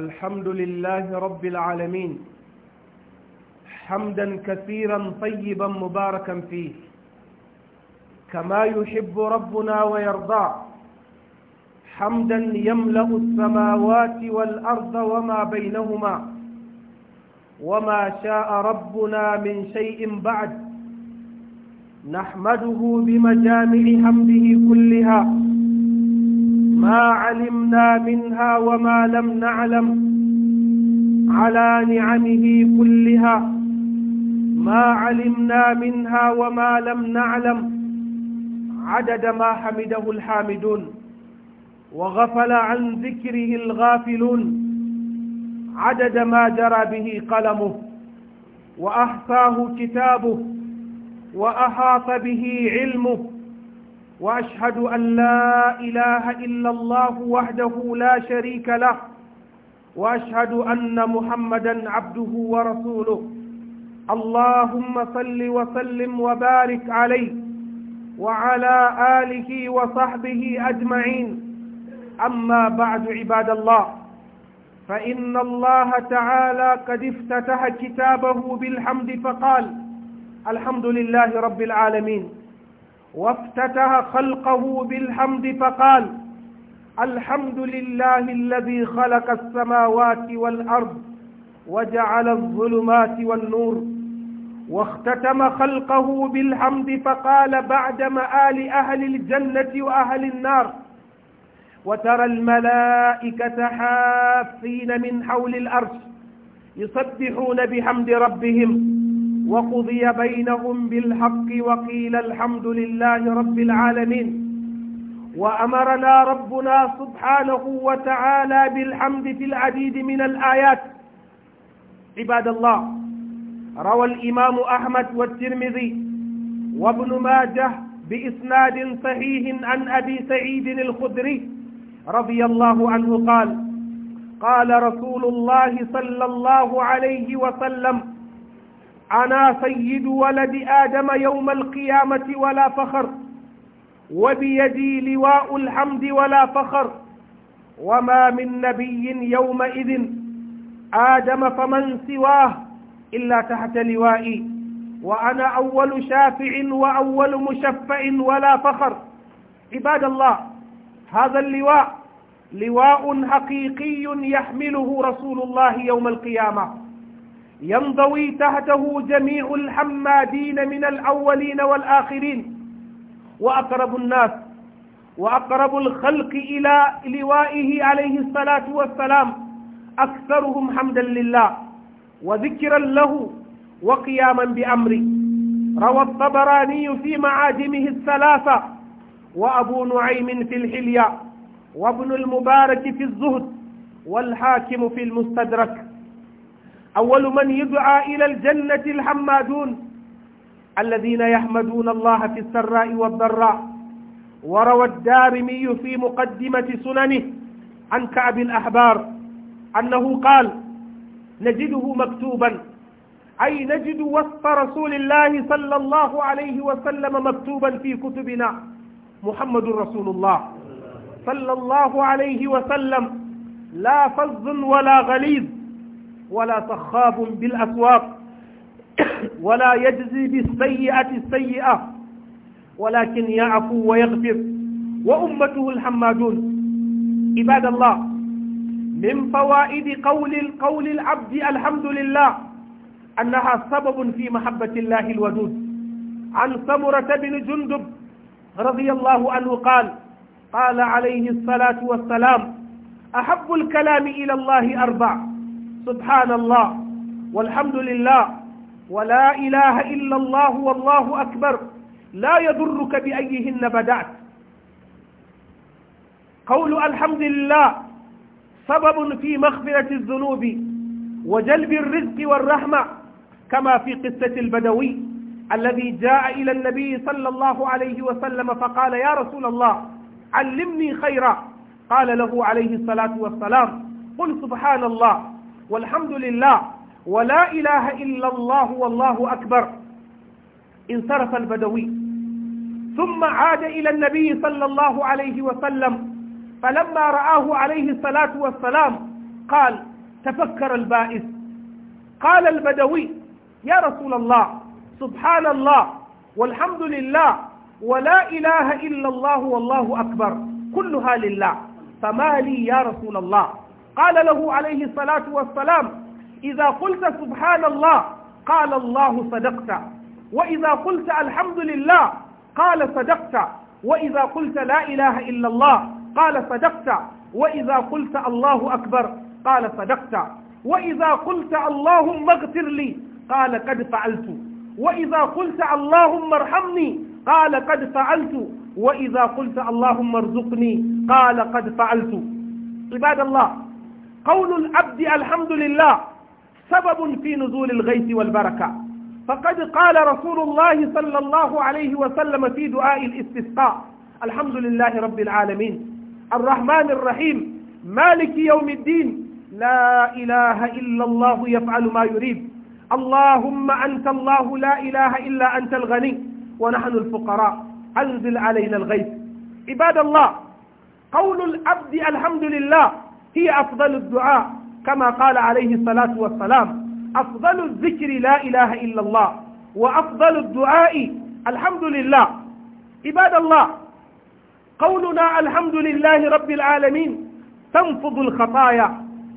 الحمد لله رب العالمين حمدا كثيرا طيبا مباركا فيه كما يحب ربنا ويرضى حمدا يملا السماوات والارض وما بينهما وما شاء ربنا من شيء بعد نحمده بمجامع حمده كلها ما علم علمنا منها وما لم نعلم على نعمه كلها ما علمنا منها وما لم نعلم عدد ما حمده الحامدون وغفل عن ذكره الغافلون عدد ما جرى به قلمه وأحصاه كتابه وأحاط به علمه وأشهد أن لا إله إلا الله وحده لا شريك له وأشهد أن محمدا عبده ورسوله اللهم صل وسلم وبارك عليه وعلى آله وصحبه أجمعين أما بعد عباد الله فإن الله تعالى قد افتتح كتابه بالحمد فقال الحمد لله رب العالمين وافتتح خلقه بالحمد فقال الحمد لله الذي خلق السماوات والأرض وجعل الظلمات والنور واختتم خلقه بالحمد فقال بعد مآل أهل الجنة وأهل النار وترى الملائكة حافين من حول الأرش يسبحون بحمد ربهم وقضي بينهم بالحق وقيل الحمد لله رب العالمين وأمرنا ربنا سبحانه وتعالى بالحمد في العديد من الآيات عباد الله روى الإمام أحمد والترمذي وابن ماجه بإسناد صحيح عن أبي سعيد الخدري رضي الله عنه قال قال رسول الله صلى الله عليه وسلم أنا سيد ولد آدم يوم القيامة ولا فخر وبيدي لواء الحمد ولا فخر وما من نبي يومئذ آدم فمن سواه إلا تحت لوائي وأنا أول شافع وأول مشفع ولا فخر عباد الله هذا اللواء لواء حقيقي يحمله رسول الله يوم القيامه ينضوي تحته جميع الحمادين من الأولين والآخرين وأقرب الناس وأقرب الخلق إلى لوائه عليه الصلاة والسلام أكثرهم حمدا لله وذكرا له وقياما بأمره روى الطبراني في معاجمه الثلاثة وأبو نعيم في الحلية وابن المبارك في الزهد والحاكم في المستدرك أول من يدعى إلى الجنة الحمادون الذين يحمدون الله في السراء والضراء وروى الدارمي في مقدمة سننه عن كعب الأحبار أنه قال نجده مكتوبا أي نجد وصف رسول الله صلى الله عليه وسلم مكتوبا في كتبنا محمد رسول الله صلى الله عليه وسلم لا فظ ولا غليظ ولا صخاب بالأسواق ولا يجزي بالسيئة السيئة ولكن يعفو ويغفر وأمته الحمادون عباد الله من فوائد قول القول العبد الحمد لله أنها سبب في محبة الله الودود عن سمرة بن جندب رضي الله عنه قال قال عليه الصلاة والسلام أحب الكلام إلى الله أربع سبحان الله والحمد لله ولا إله إلا الله والله أكبر لا يضرك بأيهن بدأت قول الحمد لله سبب في مغفرة الذنوب وجلب الرزق والرحمة كما في قصة البدوي الذي جاء إلى النبي صلى الله عليه وسلم فقال يا رسول الله علمني خيرا قال له عليه الصلاة والسلام قل سبحان الله والحمد لله ولا إله إلا الله والله أكبر انصرف البدوي ثم عاد إلى النبي صلى الله عليه وسلم فلما رآه عليه الصلاة والسلام قال تفكر البائس قال البدوي يا رسول الله سبحان الله والحمد لله ولا إله إلا الله والله أكبر كلها لله فما لي يا رسول الله قال له عليه الصلاة والسلام إذا قلت سبحان الله قال الله صدقت وإذا قلت الحمد لله قال صدقت وإذا قلت لا إله إلا الله قال صدقت وإذا قلت الله أكبر قال صدقت وإذا قلت اللهم اغفر لي قال قد فعلت وإذا قلت اللهم ارحمني قال قد فعلت وإذا قلت اللهم ارزقني قال قد فعلت عباد الله قول العبد الحمد لله سبب في نزول الغيث والبركة فقد قال رسول الله صلى الله عليه وسلم في دعاء الاستسقاء الحمد لله رب العالمين الرحمن الرحيم مالك يوم الدين لا إله إلا الله يفعل ما يريد اللهم أنت الله لا إله إلا أنت الغني ونحن الفقراء أنزل علينا الغيث عباد الله قول العبد الحمد لله هي أفضل الدعاء كما قال عليه الصلاة والسلام أفضل الذكر لا إله إلا الله وأفضل الدعاء الحمد لله عباد الله قولنا الحمد لله رب العالمين تنفض الخطايا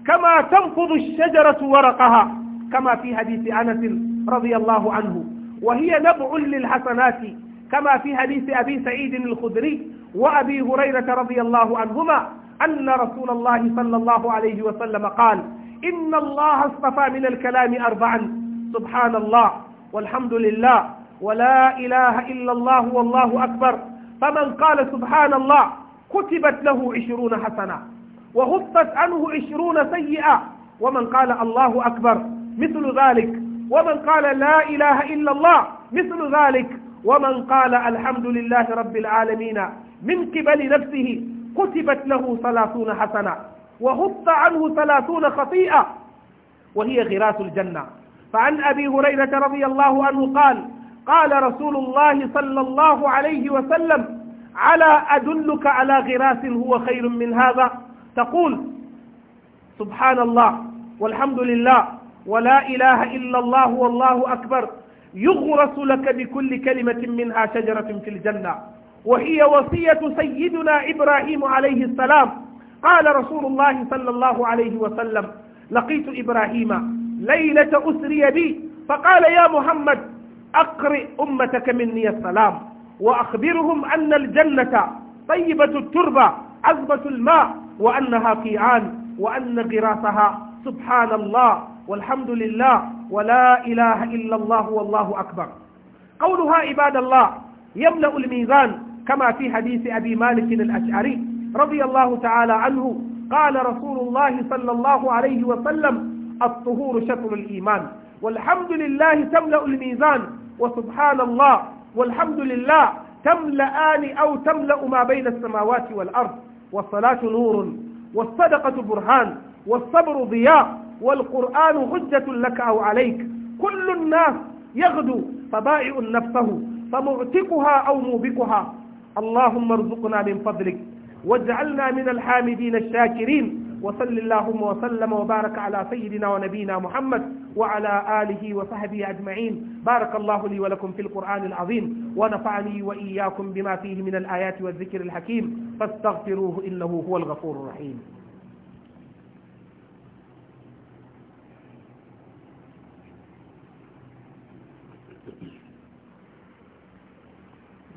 كما تنفض الشجرة ورقها كما في حديث أنس رضي الله عنه وهي نبع للحسنات كما في حديث أبي سعيد الخدري وأبي هريرة رضي الله عنهما أن رسول الله صلى الله عليه وسلم قال إن الله اصطفى من الكلام أربعا سبحان الله والحمد لله ولا إله إلا الله والله أكبر فمن قال سبحان الله كتبت له عشرون حسنة وغفت عنه عشرون سيئة ومن قال الله أكبر مثل ذلك ومن قال لا إله إلا الله مثل ذلك ومن قال الحمد لله رب العالمين من قبل نفسه كتبت له ثلاثون حسنة وهط عنه ثلاثون خطيئة وهي غراس الجنة فعن أبي هريرة رضي الله عنه قال قال رسول الله صلى الله عليه وسلم على أدلك على غراس هو خير من هذا تقول سبحان الله والحمد لله ولا إله إلا الله والله أكبر يغرس لك بكل كلمة منها شجرة في الجنة وهي وصية سيدنا إبراهيم عليه السلام قال رسول الله صلى الله عليه وسلم لقيت إبراهيم ليلة أسري بي فقال يا محمد أقرئ أمتك مني السلام وأخبرهم أن الجنة طيبة التربة عذبة الماء وأنها قيعان وأن غراسها سبحان الله والحمد لله ولا إله إلا الله والله أكبر قولها عباد الله يملأ الميزان كما في حديث أبي مالك الأشعري رضي الله تعالى عنه قال رسول الله صلى الله عليه وسلم الطهور شطر الإيمان والحمد لله تملأ الميزان وسبحان الله والحمد لله تملأان أو تملأ ما بين السماوات والأرض والصلاة نور والصدقة برهان والصبر ضياء والقرآن غجة لك أو عليك كل الناس يغدو فبائع نفسه فمعتقها أو موبقها اللهم ارزقنا من فضلك واجعلنا من الحامدين الشاكرين وصل اللهم وسلم وبارك على سيدنا ونبينا محمد وعلى آله وصحبه أجمعين بارك الله لي ولكم في القرآن العظيم ونفعني وإياكم بما فيه من الآيات والذكر الحكيم فاستغفروه إنه هو الغفور الرحيم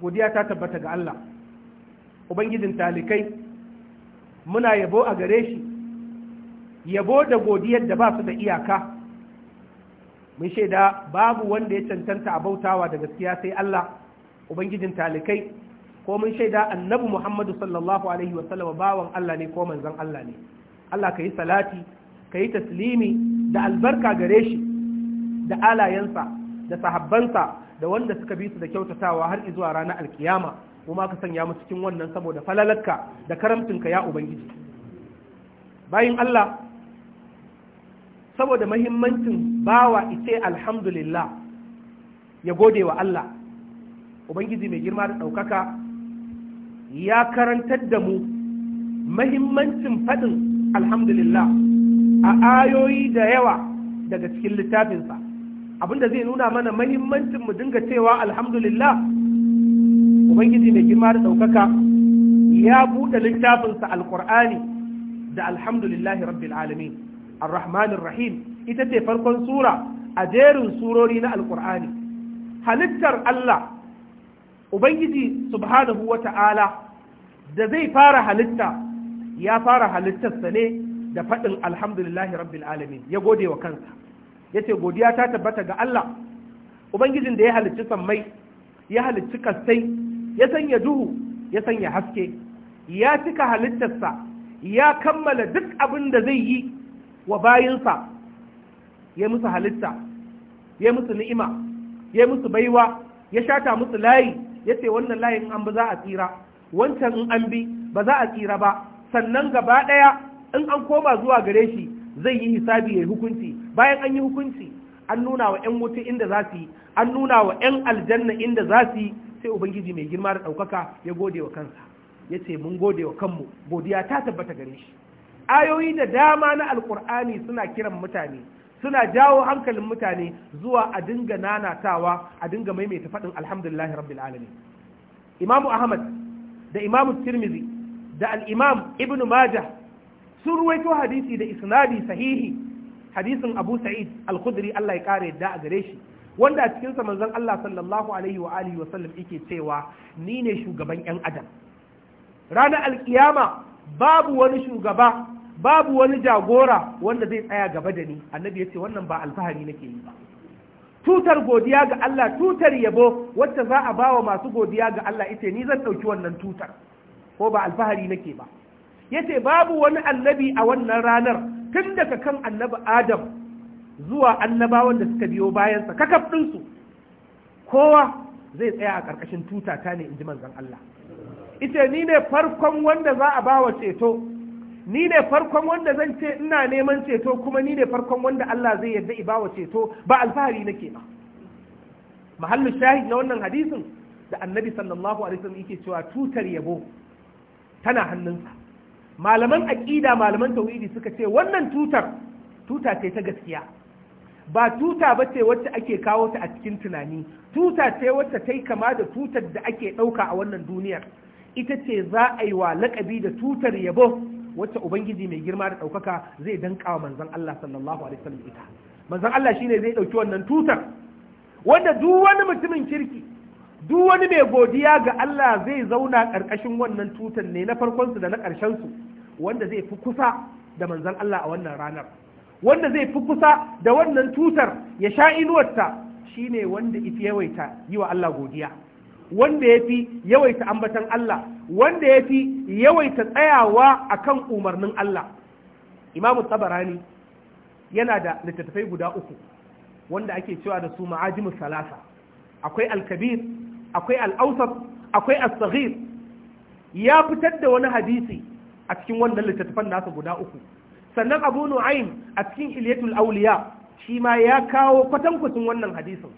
godiya ta tabbata ga Allah ubangijin talikai muna yabo a gare shi yabo da godiyar da ba su da iyaka mun shaida babu wanda ya cancanta a bautawa da gaskiya sai Allah ubangijin talikai ko mun shaida annabi Muhammadu sallallahu alaihi wa sallam bawan Allah ne ko manzon Allah ne Allah ka yi salati ka taslimi da albarka gare shi da alayensa da sahabbansa da wanda suka bi su da kyautatawa har zuwa ranar alkiyama kuma ka sanya mu cikin wannan saboda falalarka da karamtinka ya ubangiji bayin Allah saboda mahimmancin bawa ice alhamdulillah ya gode wa Allah ubangiji mai girma da ɗaukaka ya karantar da mu mahimmancin faɗin alhamdulillah a ayoyi da yawa daga cikin littafinsa abinda zai nuna mana mahimmancin mu dinga cewa alhamdulillah ubangiji mai girma da ɗaukaka ya buɗe littafinsa alkur'ani da alhamdulillahi rabbil alamin arrahmanir rahim ita ce farkon sura a jerin surori na alkur'ani halittar Allah ubangiji subhanahu wa ta'ala da zai fara halitta ya fara halittarsa ne da faɗin alhamdulillahi rabbil ya gode wa kansa yace godiya ta tabbata ga Allah ubangijin da ya halicci sammai ya halicci kastai ya sanya duhu ya sanya haske ya cika halittarsa ya kammala duk abin da zai yi wa bayinsa ya musu halitta ya musu ni'ima ya musu baiwa ya shata musu layi ya ce wannan layin an ba za a tsira wancan in an bi ba za a tsira ba sannan gaba ɗaya in an koma zuwa gare shi zai yi hisabi ya yi hukunci bayan an yi hukunci an nuna wa 'yan wuta inda za su yi an nuna wa 'yan aljanna inda za su yi sai ubangiji mai girma da ɗaukaka ya gode wa kansa ya ce mun gode wa kanmu godiya ta tabbata gare shi ayoyi da dama na alkur'ani suna kiran mutane suna jawo hankalin mutane zuwa a dinga nanatawa a dinga maimaita faɗin alhamdulillahi rabbil alamin imamu ahmad da imamu tirmizi da al-imam ibnu majah sun ruwaito hadisi da isnadi sahihi hadisin Abu Sa'id Al-Khudri Allah ya kare yadda a gare shi wanda a cikin sa manzon Allah sallallahu alaihi wa alihi wa sallam yake cewa ni ne shugaban yan adam ranar alkiyama babu wani shugaba babu wani jagora wanda zai tsaya gaba da ni annabi ya ce wannan ba alfahari nake yi ba tutar godiya ga Allah tutar yabo wacce za a bawa masu godiya ga Allah ita ni zan ɗauki wannan tutar ko ba alfahari nake ba yace babu wani annabi a wannan ranar tun daga kan annabi adam zuwa annabawan da suka biyo bayansa kakaf ɗinsu kowa zai tsaya a ƙarƙashin tutata ne in ji manzon Allah ita ni ne farkon wanda za a bawa ceto ni ne farkon wanda zan ce ina neman ceto kuma ni ne farkon wanda Allah zai yarda i bawa ceto ba alfahari nake ba mahallin shahid na wannan hadisin da annabi sallallahu alaihi wasallam yake cewa tutar yabo tana hannunsa malaman aƙida malaman tauhidi suka ce wannan tutar tuta ce ta gaskiya ba tuta ba ce wacce ake kawo ta a cikin tunani tuta ce wacce ta yi kama da tutar da ake ɗauka a wannan duniyar ita ce za a yi wa laƙabi da tutar yabo wacce ubangiji mai girma da ɗaukaka zai danka wa manzon Allah sallallahu alaihi wasallam ita manzon Allah shine zai ɗauki wannan tutar wanda duk wani mutumin kirki duk wani mai godiya ga Allah zai zauna ƙarƙashin wannan tutar ne na farkonsu da na ƙarshensu wanda zai fi kusa da manzan Allah a wannan ranar wanda zai fi kusa da wannan tutar ya sha inuwarta shine wanda ifi yawaita yi wa Allah godiya wanda ya fi yawaita ambatan Allah wanda ya fi yawaita tsayawa a kan umarnin Allah imamu tabarani yana da littattafai guda uku wanda ake cewa da su ma'ajimu salasa akwai alkabir akwai al'ausar akwai as ya fitar da wani hadisi a cikin wannan littattafan nasa guda uku sannan abu nu'aym a cikin iliyatul auliya shi ma ya kawo kwatankwatin wannan hadisin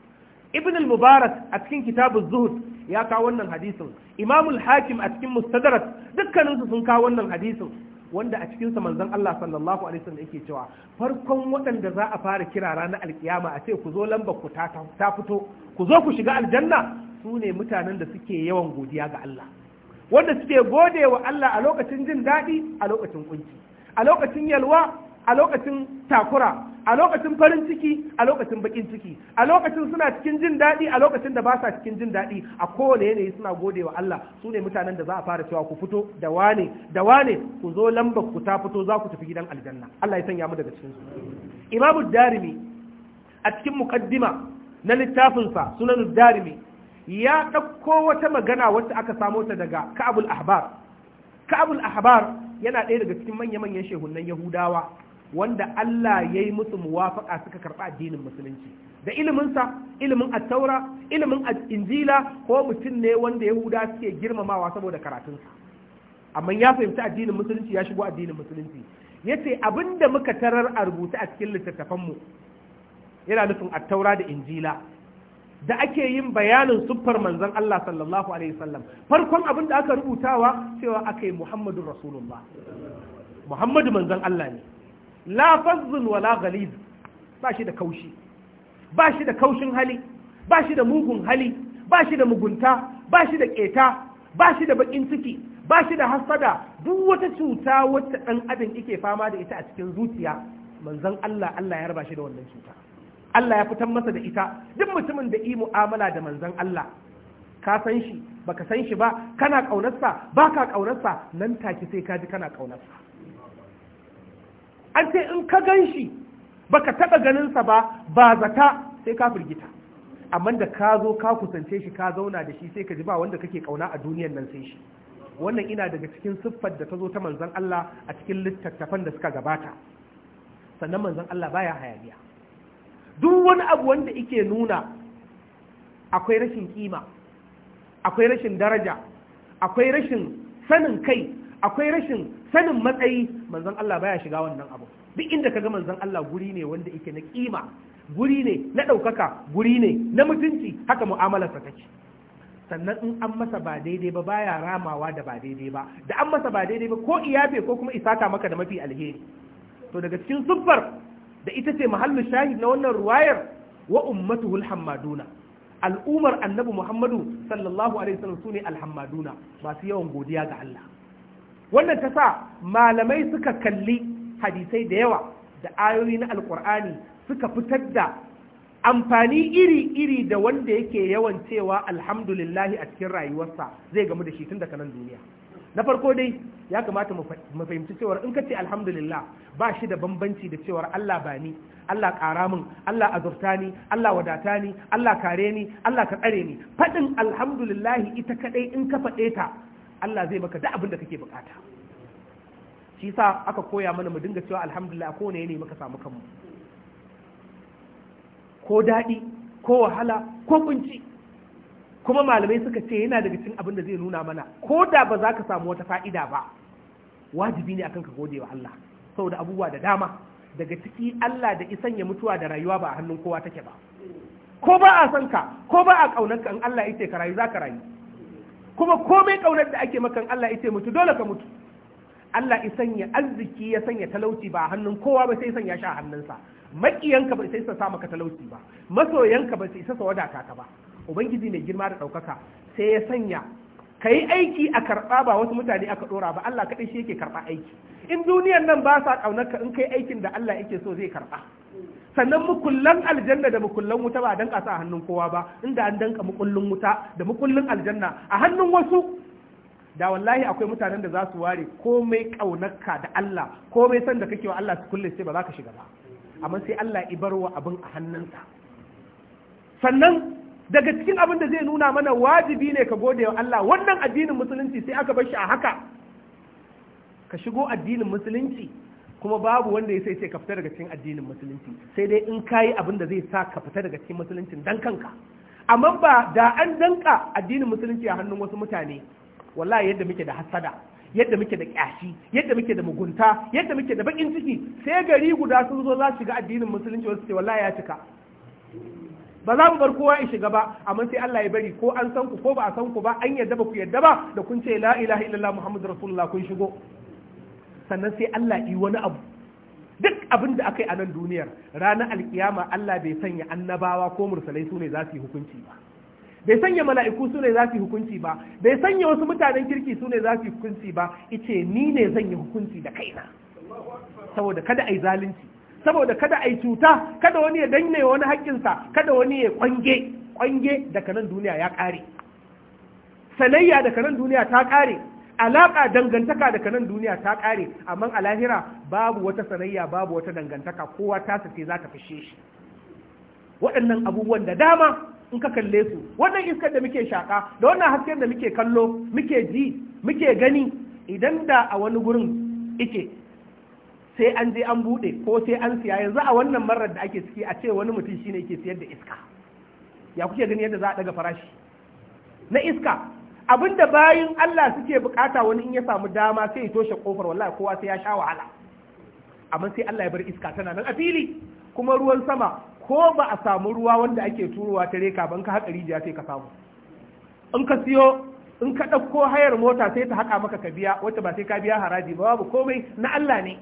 ibn al-mubarak a cikin kitabuz zuhud ya kawo wannan hadisin imamul hakim a cikin mustadrak su sun kawo wannan hadisin wanda a cikinsa manzon Allah sallallahu alaihi wasallam yake cewa farkon waɗanda za a fara kira ranar alkiyama a ce ku zo lambar ku ta fito ku zo ku shiga aljanna su ne mutanen da suke yawan godiya ga Allah wanda suke gode wa Allah a lokacin jin daɗi a lokacin kunci a lokacin yalwa a lokacin takura a lokacin farin ciki a lokacin bakin ciki a lokacin suna cikin jin daɗi a lokacin da ba sa cikin jin daɗi a kowane yanayi suna gode wa Allah su ne mutanen da za a fara cewa ku fito da wane da wane ku zo lambar ku ta fito za ku tafi gidan aljanna Allah ya sanya mu daga cikin su imamu darimi a cikin muqaddima na littafinsa sunan darimi ya ɗauko wata magana wacce aka samo ta daga ka'abul ahbar ka'abul ahbar yana ɗaya daga cikin manya-manyan shehunan yahudawa wanda Allah ya yi musu muwafaƙa suka karɓa addinin musulunci da iliminsa ilimin attaura ilimin injila ko mutum ne wanda yahuda suke girmamawa saboda karatunsa amma ya fahimci addinin musulunci ya shigo addinin musulunci ya ce abin muka tarar a rubuta a cikin littattafanmu yana nufin attaura da injila da ake yin bayanin siffar manzon Allah sallallahu alaihi wasallam farkon abin da aka rubutawa cewa aka yi Muhammadu Rasulullah Muhammadu manzon Allah ne la fazzun wala ghaliz ba shi da kaushi ba shi da kaushin hali ba shi da mugun hali ba shi da mugunta ba shi da keta ba shi da bakin ciki ba shi da hasada duk wata cuta wacce dan adam yake fama da ita a cikin zuciya manzon Allah Allah ya raba shi da wannan cuta Allah ya fitar masa da ita duk mutumin da yi mu'amala da manzon Allah ka san shi baka san shi ba kana kaunarsa baka kaunarsa nan take sai ka ji kana kaunarsa an ce in ka gan shi baka taba ganin sa ba ba zata sai ka firgita amma da ka zo ka kusance shi ka zauna da shi sai ka ji ba wanda kake kauna a duniyar nan sai shi wannan ina daga cikin siffar da ta zo ta manzon Allah a cikin littattafan da suka gabata sannan manzon Allah baya hayaniya duk wani abu wanda ike nuna akwai rashin kima akwai rashin daraja akwai rashin sanin kai akwai rashin sanin matsayi manzon Allah baya shiga wannan abu duk inda kaga manzon Allah guri ne wanda yake na kima guri ne na ɗaukaka guri ne na mutunci haka mu'amalarsa take sannan in an masa ba daidai ba baya ramawa da ba daidai ba da an masa ba daidai ba ko iyafe ko kuma isaka maka da mafi alheri to daga cikin siffar da ita ce mahallu shahid na wannan ruwayar wa ummatuhu hulhammaduna al'umar annabi muhammadu sallallahu alaihi wasallam sune alhammaduna masu yawan godiya ga Allah wannan ta sa malamai suka kalli hadisai da yawa da ayoyi na alqur'ani suka fitar da amfani iri-iri da wanda yake yawan cewa alhamdulillahi a cikin rayuwarsa zai gamu da shi tun daga nan duniya na farko dai ya kamata mu fahimci cewar in ka ce alhamdulillah ba shi da bambanci da cewar Allah ba ni Allah ƙara min Allah azurta ni Allah wadata ni Allah kare ni Allah ka tsare ni faɗin alhamdulillah ita kaɗai in ka faɗe ta Allah zai maka duk abin da kake bukata shi sa aka koya mana mu dinga cewa alhamdulillah ko ne muka samu kanmu ko daɗi ko wahala ko kunci kuma malamai suka ce yana daga cikin abin da zai nuna mana ko da ba za ka samu wata fa'ida ba wajibi ne akan ka gode wa Allah saboda abubuwa da dama daga ciki Allah da isan ya mutuwa da rayuwa ba a hannun kowa take ba ko ba a son ka ko ba a kaunar ka in Allah ya ce ka rayu za ka rayu kuma komai kaunar da ake maka in Allah ya ce mutu dole ka mutu Allah isan ya arziki ya sanya talauci ba a hannun kowa ba sai sanya shi a hannunsa makiyanka ba sai sa maka talauci ba masoyanka ba sai sa wadata ka ba ubangiji mai girma da ɗaukaka sai ya sanya ka yi aiki a karɓa ba wasu mutane aka ɗora ba Allah kaɗai shi yake karɓa aiki in duniyan nan ba sa ƙaunar ka in kai aikin da Allah yake so zai karɓa sannan mukullan aljanna da mukullan wuta ba a danka sa a hannun kowa ba inda an danka mukullin wuta da mukullin aljanna a hannun wasu da wallahi akwai mutanen da za su ware komai ƙaunarka da Allah komai san da kake wa Allah su kulle sai ba za ka shiga ba amma sai Allah wa abin a hannunsa sannan daga cikin abin da zai nuna mana wajibi ne ka gode wa Allah wannan addinin musulunci sai aka bar shi a haka ka shigo addinin musulunci kuma babu wanda ya sai sai ka fita daga cikin addinin musulunci sai dai in kayi abin da zai sa ka fita daga cikin musulunci dan kanka amma ba da an danka addinin musulunci a hannun wasu mutane wallahi yadda muke da hasada yadda muke da kyashi yadda muke da mugunta yadda muke da bakin ciki sai gari guda sun zo za su shiga addinin musulunci wasu ce wallahi ya cika ba za mu bar kowa ya shiga ba amma sai Allah ya bari ko an san ku ko ba a san ku ba an yadda ba ku yadda ba da kun ce la ilaha illallah muhammadu rasulullah kun shigo sannan sai Allah yi wani abu duk abin da aka yi a nan duniyar ranar alkiyama Allah bai sanya annabawa ko mursalai su ne za su yi hukunci ba bai sanya mala'iku su ne za su yi hukunci ba bai sanya wasu mutanen kirki su ne za su yi hukunci ba ice ni ne zan yi hukunci da kaina saboda kada a zalunci saboda kada a yi cuta kada wani ya danne wani haƙƙinsa kada wani ya kwange kwange daga nan duniya ya ƙare sanayya daga nan duniya ta ƙare alaƙa dangantaka daga nan duniya ta ƙare amma a lahira babu wata sanayya babu wata dangantaka kowa ta sace za ta fishe shi waɗannan abubuwan da dama in ka kalle su wannan iskar da muke shaƙa da wannan hasken da muke kallo muke ji muke gani idan da a wani gurin ike sai an je an buɗe ko sai an siya yanzu a wannan marar da ake ciki a ce wani mutum shine ke siyar da iska ya kuke gani yadda za a daga farashi na iska abinda bayin Allah suke bukata wani in ya samu dama sai ya toshe kofar wallahi kowa sai ya sha wahala amma sai Allah ya bar iska tana nan a fili kuma ruwan sama ko ba a samu ruwa wanda ake turowa ta reka ban ka haƙa rijiya sai ka samu in ka siyo in ka ɗauko hayar mota sai ta haƙa maka ka biya wacce ba sai ka biya haraji ba babu komai na Allah ne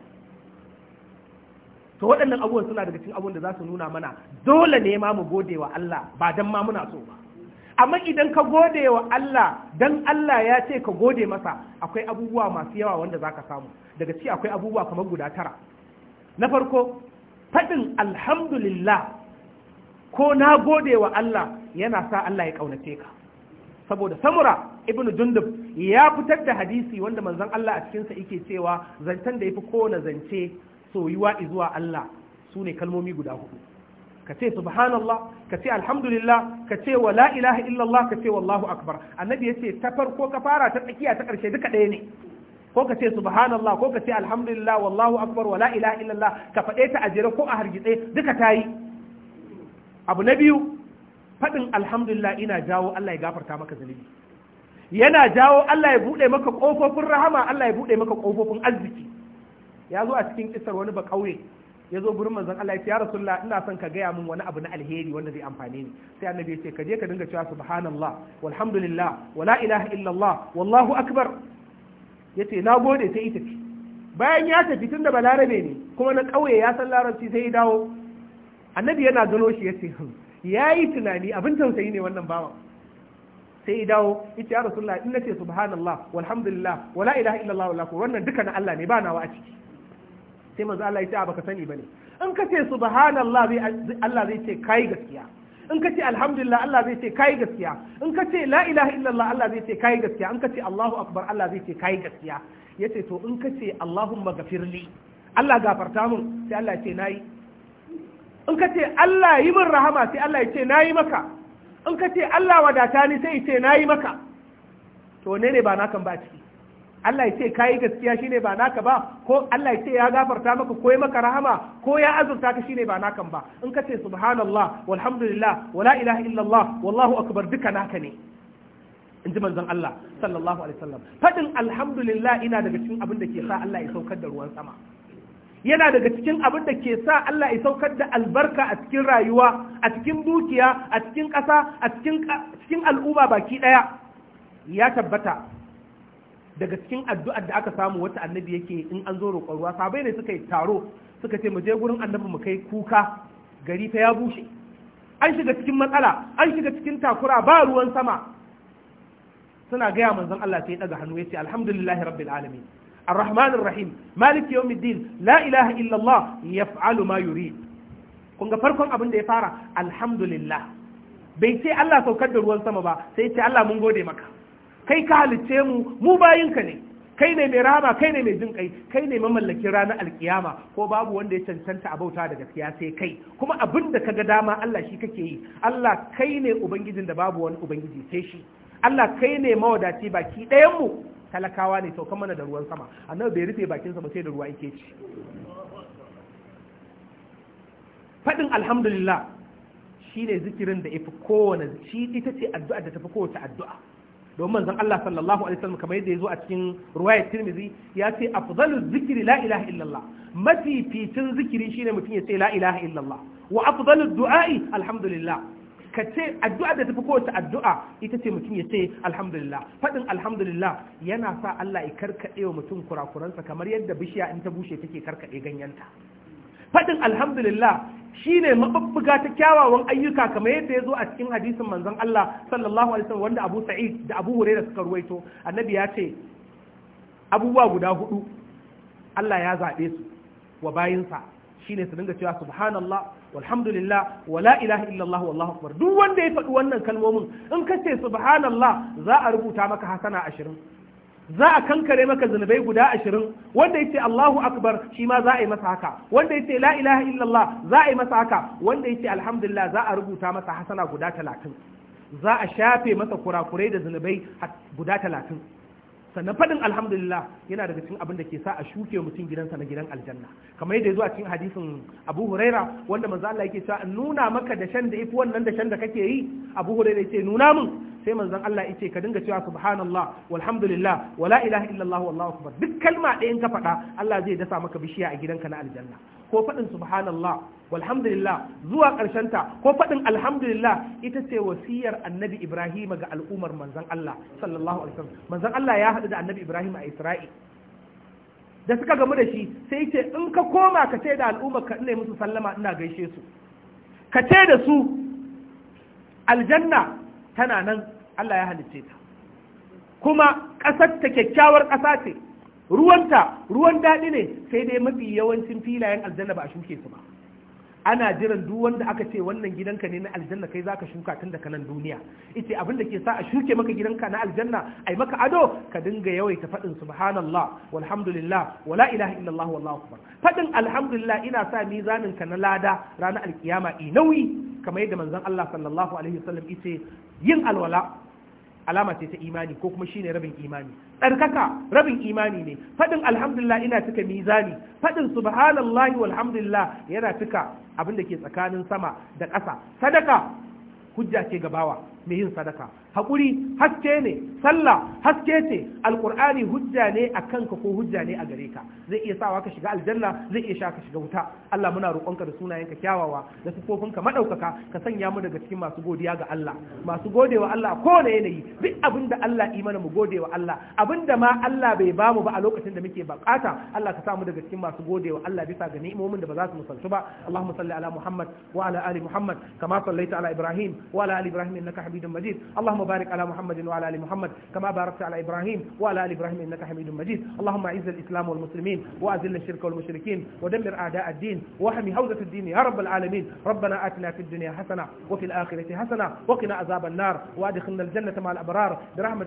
to waɗannan abubuwan suna daga cikin abubuwan da za su nuna mana dole ne ma mu gode wa Allah ba dan ma muna so ba amma idan ka gode wa Allah dan Allah ya ce ka gode masa akwai abubuwa masu yawa wanda za ka samu daga ciki akwai abubuwa kamar guda tara na farko faɗin alhamdulillah ko na gode wa Allah yana sa Allah ya ƙaunace ka saboda samura ibnu dundub ya fitar da hadisi wanda manzon Allah a cikinsa yake cewa zancen da ya yafi kowane zance soyuwa zuwa Allah su ne kalmomi guda hudu ka ce subhanallah ka ce alhamdulillah ka ce wa la ilaha illallah ka ce wallahu akbar annabi ya ce ta farko ka fara ta tsakiya ta ƙarshe duka ɗaya ne ko ka ce subhanallah ko ka ce alhamdulillah wallahu akbar wa la ilaha illallah ka faɗe ta a jere ko a hargitse duka ta yi abu na biyu faɗin alhamdulillah ina jawo Allah ya gafarta maka zunubi yana jawo Allah ya buɗe maka ƙofofin rahama Allah ya buɗe maka ƙofofin arziki ya zo a cikin kisar wani ba kauye ya zo gurin manzon Allah ya ce ya rasulullah ina son ka gaya min wani abu na alheri wanda zai amfane ni sai annabi ya ce ka je ka dinga cewa subhanallah walhamdulillah wala ilaha illallah wallahu akbar yace na gode sai ita ce bayan ya tafi tun da balarabe ne kuma na kauye ya san larabci sai ya dawo annabi yana gano shi ya ce hmm, ya yi tunani abin tausayi ne wannan bawan sai ya dawo ita ya rasulullah ina ce subhanallah walhamdulillah wala ilaha illallah wala wannan duka na Allah ne ba nawa a ciki sai manzo Allah ya ce baka sani bane in ka ce subhanallah zai Allah zai ce kai gaskiya in ka ce alhamdulillah Allah zai ce kai gaskiya in ka ce la ilaha illallah Allah zai ce kai gaskiya in ka ce Allahu akbar Allah zai ce kai gaskiya yace to in ka ce Allahumma gafirli Allah gafarta mun sai Allah ya ce nayi in ka ce Allah yi min rahama sai Allah ya ce nayi maka in ka ce Allah wadata ni sai ya ce nayi maka to ne ne ba nakan ba ciki Allah ya ce ka yi gaskiya shine ba naka ba ko Allah ya ce ya gafarta maka ko ya maka rahama ko ya azurta ka shine ba nakan ba in ka ce subhanallah walhamdulillah wala ilaha illallah wallahu akbar duka naka ne in ji manzon Allah sallallahu alaihi wasallam fadin alhamdulillah ina daga cikin abin da ke sa Allah ya saukar da ruwan sama yana daga cikin abin da ke sa Allah ya saukar da albarka a cikin rayuwa a cikin dukiya a cikin ƙasa a cikin al'umma baki ɗaya ya tabbata daga cikin addu'ar da aka samu wata annabi yake in an zo roƙon ruwa sabai ne suka yi taro suka ce mu je gurin annabi mu kai kuka gari ta ya bushe an shiga cikin matsala an shiga cikin takura ba ruwan sama suna gaya manzon Allah sai ya daga hannu ya ce alhamdulillahi rabbil alamin الرحمن الرحيم مالك يوم الدين لا إله إلا الله يفعل ما يريد farkon abin da ya fara alhamdulillah bai ce Allah saukar da ruwan sama ba sai ce Allah mun gode maka kai ka halicce mu mu bayinka ne kai ne mai rama kai ne mai jin kai kai ne mamallakin ranar alkiyama ko babu wanda ya cancanta abauta bauta da gaskiya sai kai kuma abin da ka ga dama Allah shi kake yi Allah kai ne ubangijin da babu wani ubangiji sai shi Allah kai ne mawadaci baki ɗayan mu talakawa ne sauka mana da ruwan sama annabi bai rufe sa ba sai da ruwa yake ci faɗin alhamdulillah shine zikirin da ifi kowane shi ita ce addu'a da tafi kowace addu'a Domin manzon Allah sallallahu alaihi wasallam kamar yadda ya zo a cikin ruwayar Tirmidhi ya ce afdalu zikri la ilaha illallah mafi zikiri shine mutum ya ce la ilaha illallah wa afdalu du'a'i alhamdulillah ka ce addu'a da tafi kowace addu'a ita ce mutum ya ce alhamdulillah faɗin alhamdulillah yana sa Allah ya karkaɗe wa mutum kurakuransa kamar yadda bishiya in ta bushe take karkaɗe ganyenta faɗin alhamdulillah Shi ne mabubbuga ta kyawawan ayyuka kamar yadda ya zo a cikin hadisin manzon Allah sallallahu alaihi wasallam wanda Abu Sa'id da Abu Hurairah suka ruwaito annabi ya ce abubuwa guda hudu Allah ya zaɓe su wa bayinsa shine su dinga cewa subhanallah walhamdulillah wa la ilaha illallah wallahu akbar duk wanda ya faɗi wannan kalmomin in ka ce subhanallah za a rubuta maka hasana ashirin za a kankare maka zunubai guda ashirin wanda yace Allahu akbar shi ma za a yi masa haka wanda yace la ilaha illallah za a yi masa haka wanda yace alhamdulillah za a rubuta masa hasana guda talatin za a shafe masa kurakurai da zunubai guda talatin sannan faɗin alhamdulillah yana daga cikin abin da ke sa a shuke mutum gidansa na gidan aljanna kamar yadda zuwa cikin hadisin Abu Huraira wanda manzo Allah yake cewa nuna maka dashen da ifi wannan dashen da kake yi Abu Huraira yake nuna min sai manzon Allah yace ka dinga cewa subhanallah walhamdulillah wala ilaha illallah wallahu akbar duk kalma ɗayan ka faɗa Allah zai dasa maka bishiya a gidanka na aljanna ko faɗin subhanallah walhamdulillah zuwa ta ko faɗin alhamdulillah ita ce wasiyar annabi Ibrahim ga al'ummar manzon Allah sallallahu alaihi wasallam manzon Allah ya haɗu da annabi Ibrahim a Isra'i da suka gamu da shi sai ce in ka koma ka ce da al'ummar ka ina musu sallama ina gaishe su ka ce da su aljanna tana nan Allah ya halicce ta kuma ƙasar ta kyakkyawar ƙasa ce ruwanta ruwan daɗi ne sai dai mafi yawancin filayen aljanna ba a shuke su ba ana jiran duk wanda aka ce wannan gidanka ne na aljanna kai zaka shuka tun daga nan duniya ita abin da ke sa a shuke maka gidanka na aljanna ai maka ado ka dinga yawaita fadin subhanallah walhamdulillah wala ilaha illallah wallahu akbar fadin alhamdulillah ina sa mizanin ka na lada ranar alkiyama i nauyi kamar yadda manzon Allah sallallahu alaihi wasallam yace yin alwala alama ce ta imani ko kuma shine rabin imani tsarkaka rabin imani ne fadin alhamdulillah ina cika mizani fadin subhanallahi walhamdulillah yana cika abin da ke tsakanin sama da ƙasa sadaka hujja ce ga bawa mai yin sadaka haƙuri haske ne sallah haske ce alƙur'ani hujja ne a kanka ko hujja ne a gare ka zai iya sawa ka shiga aljanna zai iya sha ka shiga wuta Allah muna roƙonka da sunayenka kyawawa da sifofinka maɗaukaka ka sanya mu daga cikin masu godiya ga Allah masu godewa Allah kowane yanayi duk abin da Allah imana mu godewa Allah abin da ma Allah bai bamu ba a lokacin da muke bakata Allah ka mu daga cikin masu godewa Allah bisa ga ni'imomin da ba za su musaltu ba Allahumma salli ala Muhammad wa ala ali Muhammad kama sallaita ala Ibrahim wa ala ali Ibrahim innaka حميد مجيد اللهم بارك على محمد وعلى ال محمد كما باركت على ابراهيم وعلى ال ابراهيم انك حميد مجيد اللهم اعز الاسلام والمسلمين واذل الشرك والمشركين ودمر اعداء الدين واحمي حوزه الدين يا رب العالمين ربنا اتنا في الدنيا حسنه وفي الاخره حسنه وقنا عذاب النار وادخلنا الجنه مع الابرار برحمتك